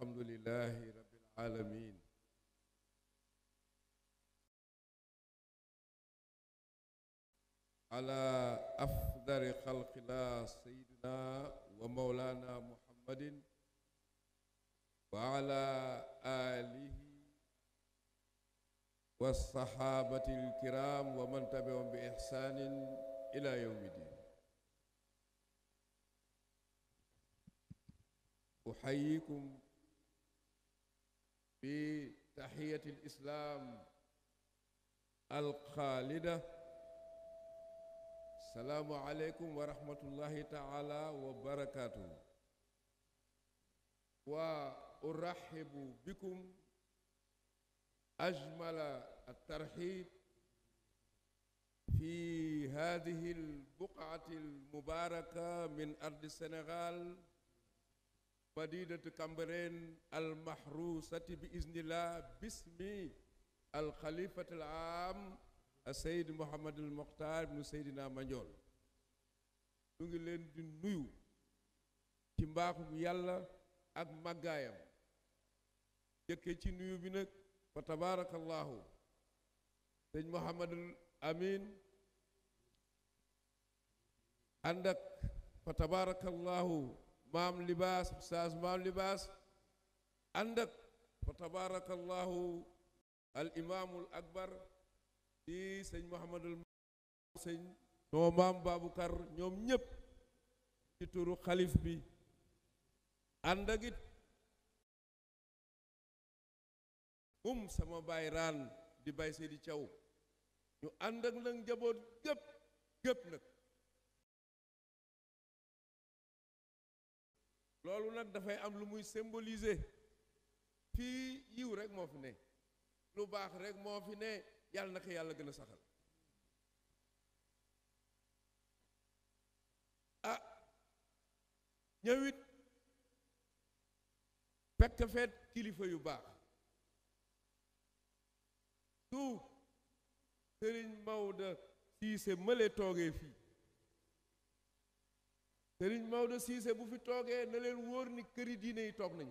alhamdulillahi rabbil alamin ala afdari xalqillah sayyidina wa mawlana muhammadin wa ala alihi wa saxaabati alkiram wa man tabi'ahum bi ihsanin ila yawmi din uxayikum في تحية الإسلام الخالدة السلام عليكم ورحمة الله تعالى وبركاته وأرحب بكم أجمل الترحيب في هذه البقعة المباركة من أرض السنغال madinatu Cambérène almahrusati bi iznillah bismi alxalifat al am Seyd Mouhamad al Mokhtar ibnu Seydina Mandione ñu ngi leen di nuyu ci mbaaxum yàlla ak màggaayam jëkke ci nuyu bi nag fa tabarakallahu sëñ Mouhamadul Amin ànd ak fa tabarakallahu maam libaas oustaz maam libaas ànd ak fa tabaarakallahu al imaamul akbar di sëñ mohamadul sëñ noo maam Baabukar ñoom ñépp ci turu xalif bi ànd ak it um sama baay raan di bay Seydi Thiaw ñu àndak ak nag njaboot gépp gépp nag loolu nag dafay am lu muy symboliser fii yiw rek moo fi ne lu baax rek moo fi ne yàlla na ko yàlla gën a saxal a ah, ñëwit fekk kilifa yu baax su sëriñ Maodo Cissé mële toogee fii Sëriñ Maodo Cissé bu fi toogee na leen wóor ni këri diine yi toog nañ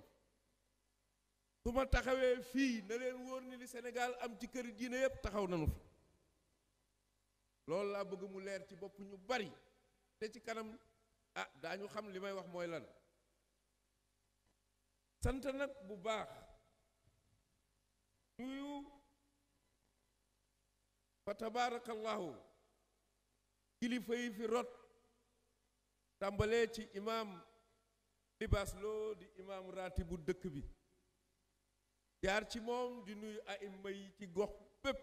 su ma taxawee fii na leen wóor ni li Sénégal am ci këri diine yépp taxaw nañu fi loolu laa bëgg mu leer ci boppu ñu bari te ci kanam ah daañu xam li may wax mooy lan sant nag bu baax nuyu fa tabaarakallaahu kilifa yi fi rot tàmbalee ci imaam libaas di imaam raati bu dëkk bi jaar ci moom di nuyu aima yi ci gox bépp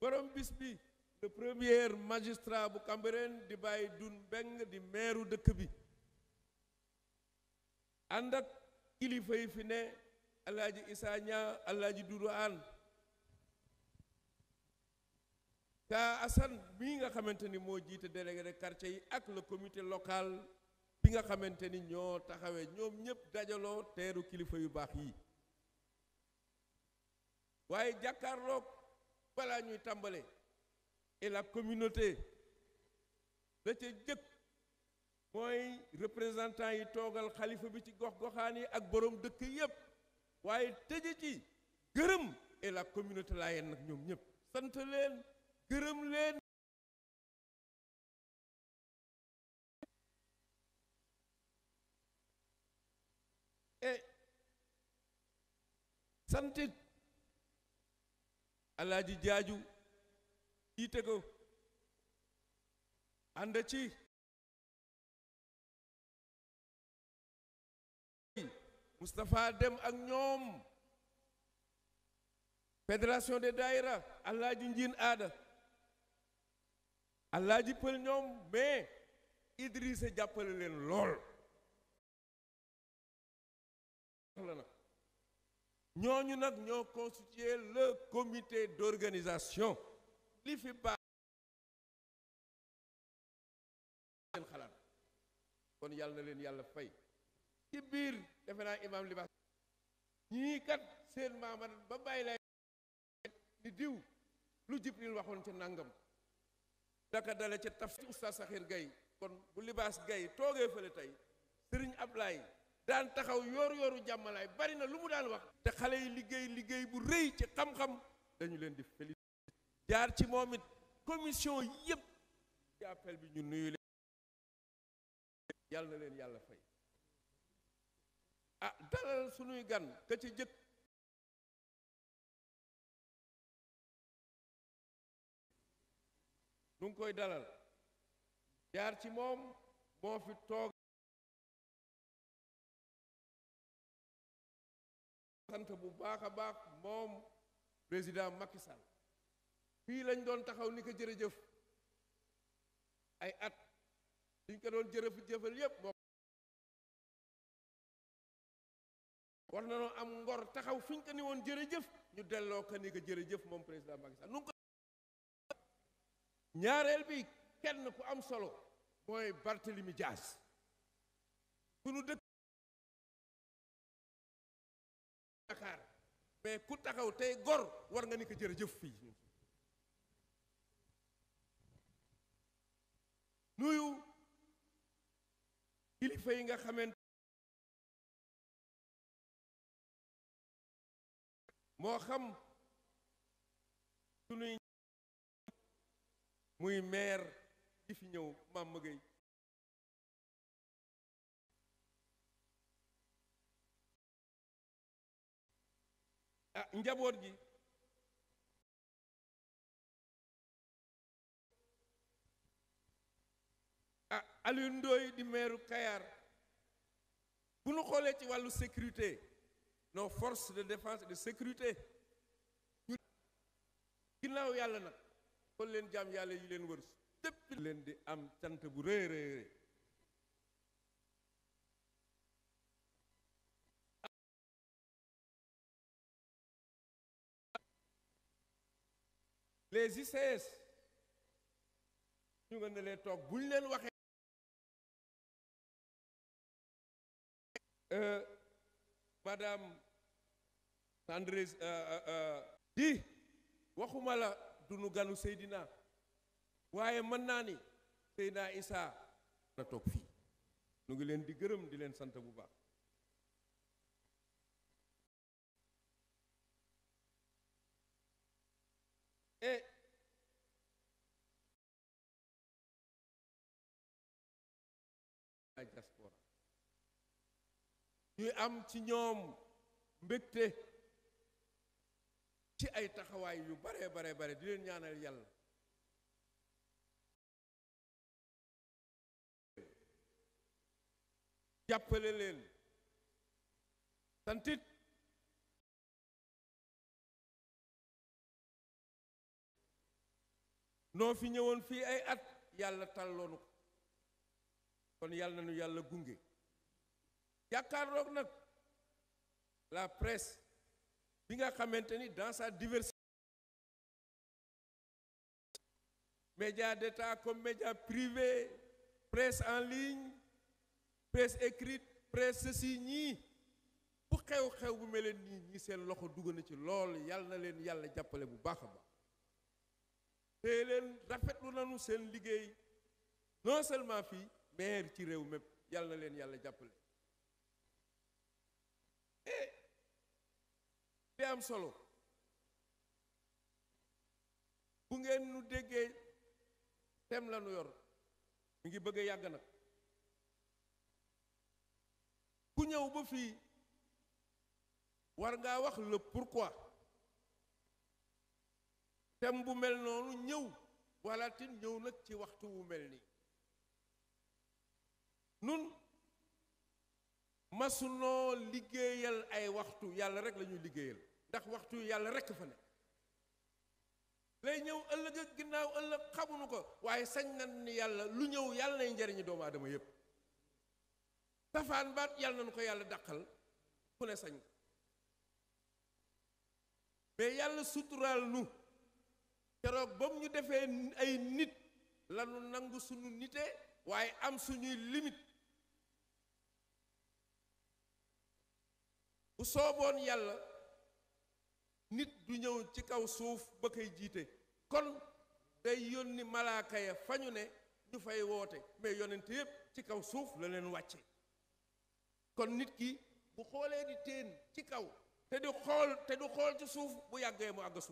borom bis bi le premier magistrat bu Cambérène di bàyyi dun beng di meeru dëkk bi ànd ak kilifa yi fi ne alaaji Isaa alaaji Dudu Aan te Assane bii nga xamante ni moo jiite délégué de quartier yi ak le comité local bi nga xamante ni ñoo taxawee ñoom ñëpp dajaloo teeru kilifa yu baax yi waaye jàkkaarlook balaa ñuy tàmbale et la communauté la ca jëkk mooy représentant yi toogal xalifa bi ci gox-goxaan yi ak borom dëkk yëpp waaye tëje ci gërëm et la communauté laa yeen nag ñoom ñëpp sant leen gërëm leen eh santit alaaji jaaju yiite ko ànd ci Moustapha dem ak ñoom fédération des daïra alaaji njiin aada Alaaji Pël ñoom idris Idrissa jàppale leen lool la nag ñooñu nag ñoo constituer le comité d'organisation li fi baax seen xalaat kon yàlla na leen yàlla fay ci biir defe naa imaam li baax ñii kat seen maamat ba bàyyi lay ni diw lu Jibril waxoon ca nàngam daka dale ca taf ci oustaz Sakhir Gaye kon bu libaas Gaye toogee fële tey sëriñ Ablaye daan taxaw yooru yooru jàmmalaay bari na lu mu daan wax te xale yi liggéey liggéey bu rëy ci xam-xam dañu leen di félicité jaar ci moom it commission yépp ci bi ñu nuyu leen yàlla na leen yàlla fay ah gan ka jëkk ngi koy dalal jaar ci moom moo fi toog sant bu baax a baax moom président Macky fii lañ doon taxaw ni ko jërëjëf ay at liñ ko doon jërëf jëfal yépp moom war na noo am ngor taxaw fi ko ni woon jërëjëf ñu delloo ko ni ko jërëjëf moom président Macky Sall ñaareel bi kenn ku am solo mooy Barthélemy Dias sunu dëkk Dakar mais ku taxaw tey gor war nga ni ko jëf fii nuyu kilifa yi nga xamante moo xam sunuy muy maire di fi ñëw maam mëgëy ah njaboot gi a ah, Aliou Ndoye di meeru Kayar bu ñu xoolee ci wàllu sécurité nos forces de défense de sécurité ginnaaw yàlla na kon leen jaam yàlla yi leen wër dëpp leen di am cant bu rëy rëy ñu toog buñ leen waxee euh, madame Sandrine euh, euh, di waxuma la dunu ganu Seydina waaye mën naa ni Seydina Isa na toog fii nu ngi leen di gërëm di leen sant bu baax e diaspora ñuy am ci ñoom mbégte ci ay taxawaay yu bare bare bare di leen ñaanal yàlla jàppale leen santit noo fi ñëwoon fii ay at yàlla talloonu ko kon yàlla na nu yàlla gunge jàkkaarloog nag la presse bi nga xamante ni dans sa diversité médias d'État comme médias privés presse en ligne presse écrite presse ceci ñii bu xew-xew bu mel ni ñi seen loxo dugg na ci lool yàlla leen yàlla jàppale bu baax a baax te leen rafetlu nañu seen liggéey non seulement fii mais ci réew mépp yàlla leen yàlla jàppale bi am solo bu ngeen nu déggee tem lanu yor mu ngi bëgg a yàgg na ku ñëw ba fii war ngaa wax le pourquoi tem bu mel noonu ñëw walla tin ñëw nag ci waxtu wu mel nii nun masunoo liggéeyal ay waxtu yàlla rek lañuy liggéeyal ndax waxtu yàlla rekk fa ne lay ñëw ëllëg ak ginnaaw ëllëg xamuñu ko waaye sañ na ni yàlla lu ñëw yàlla nay njariñu doomu aadama yépp safaan baat yàlla nañu ko yàlla daqal ku ne sañ mais yàlla suturaal nu keroog ba mu ñu defee ay nit lanu nangu suñu nite waaye am suñuy limit bu sooboon yàlla nit du ñëw ci kaw suuf ba koy jiite kon day yónni malaaka ya fa ñu ne ñu fay woote mais yonent yépp ci kaw suuf la leen wàcce kon nit ki bu xoolee di teen ci kaw te du xool te du xool ci suuf bu yàggee mu àgg suuf